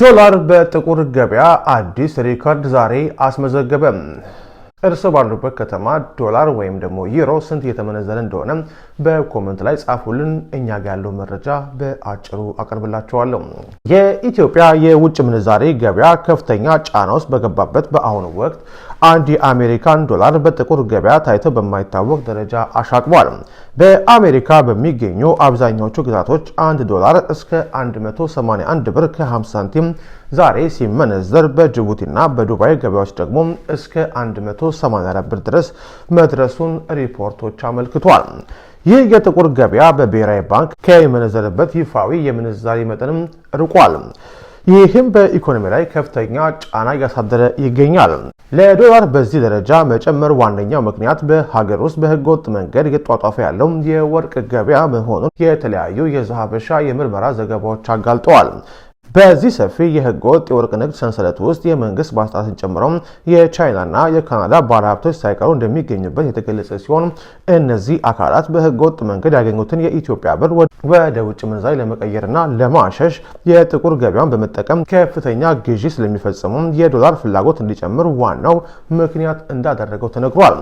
ዶላር በጥቁር ገበያ አዲስ ሪከርድ ዛሬ አስመዘገበ። እርስ ባሉበት ከተማ ዶላር ወይም ደግሞ ዩሮ ስንት እየተመነዘረ እንደሆነ በኮመንት ላይ ጻፉልን። እኛ ጋር ያለው መረጃ በአጭሩ አቀርብላቸዋለሁ። የኢትዮጵያ የውጭ ምንዛሬ ገበያ ከፍተኛ ጫና ውስጥ በገባበት በአሁኑ ወቅት አንድ የአሜሪካን ዶላር በጥቁር ገበያ ታይቶ በማይታወቅ ደረጃ አሻቅቧል። በአሜሪካ በሚገኙ አብዛኛዎቹ ግዛቶች አንድ ዶላር እስከ 181 ብር ከ50 ሳንቲም ዛሬ ሲመነዘር በጅቡቲና በዱባይ ገበያዎች ደግሞ እስከ 100 380 ድረስ መድረሱን ሪፖርቶች አመልክቷል። ይህ የጥቁር ገበያ በብሔራዊ ባንክ ከሚመነዘርበት ይፋዊ የምንዛሪ መጠንም ርቋል። ይህም በኢኮኖሚ ላይ ከፍተኛ ጫና እያሳደረ ይገኛል። ለዶላር በዚህ ደረጃ መጨመር ዋነኛው ምክንያት በሀገር ውስጥ በህገወጥ መንገድ እየተጧጧፈ ያለው የወርቅ ገበያ መሆኑን የተለያዩ የዘሐበሻ የምርመራ ዘገባዎች አጋልጠዋል። በዚህ ሰፊ የህገ ወጥ የወርቅ ንግድ ሰንሰለት ውስጥ የመንግስት ባለስልጣናትን ጨምሮ የቻይናና የካናዳ ባለሀብቶች ሳይቀሩ እንደሚገኙበት የተገለጸ ሲሆን እነዚህ አካላት በህገ ወጥ መንገድ ያገኙትን የኢትዮጵያ ብር ወደ ውጭ ምንዛሪ ለመቀየርና ለማሸሽ የጥቁር ገበያን በመጠቀም ከፍተኛ ግዢ ስለሚፈጽሙ የዶላር ፍላጎት እንዲጨምር ዋናው ምክንያት እንዳደረገው ተነግሯል።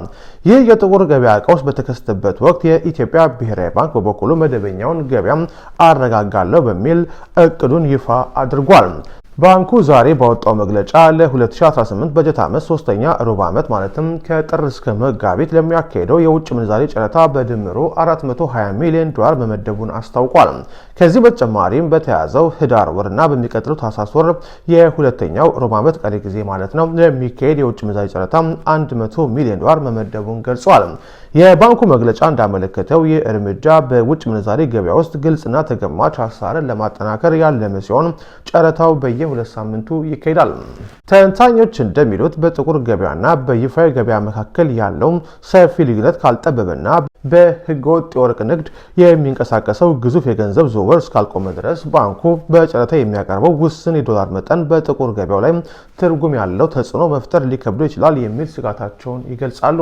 ይህ የጥቁር ገበያ ቀውስ በተከሰተበት ወቅት የኢትዮጵያ ብሔራዊ ባንክ በበኩሉ መደበኛውን ገበያ አረጋጋለሁ በሚል እቅዱን ይፋ አድርጓል። ባንኩ ዛሬ ባወጣው መግለጫ ለ2018 በጀት ዓመት ሶስተኛ ሩብ ዓመት ማለትም ከጥር እስከ መጋቢት ለሚያካሄደው የውጭ ምንዛሬ ጨረታ በድምሩ 420 ሚሊዮን ዶላር መመደቡን አስታውቋል። ከዚህ በተጨማሪም በተያዘው ህዳር ወርና በሚቀጥለው ታህሳስ ወር የሁለተኛው ሩብ ዓመት ቀሪ ጊዜ ማለት ነው ለሚካሄድ የውጭ ምንዛሬ ጨረታ 100 ሚሊዮን ዶላር መመደቡን ገልጿል። የባንኩ መግለጫ እንዳመለከተው ይህ እርምጃ በውጭ ምንዛሬ ገበያ ውስጥ ግልጽና ተገማች አሳርን ለማጠናከር ያለመ ሲሆን ጨረታው በየ የሁለት ሳምንቱ ይካሄዳል። ተንታኞች እንደሚሉት በጥቁር ገበያና በይፋዊ ገበያ መካከል ያለው ሰፊ ልዩነት ካልጠበበና በህገወጥ የወርቅ ንግድ የሚንቀሳቀሰው ግዙፍ የገንዘብ ዝውውር እስካልቆመ ድረስ ባንኩ በጨረታ የሚያቀርበው ውስን የዶላር መጠን በጥቁር ገበያው ላይ ትርጉም ያለው ተጽዕኖ መፍጠር ሊከብዶ ይችላል የሚል ስጋታቸውን ይገልጻሉ።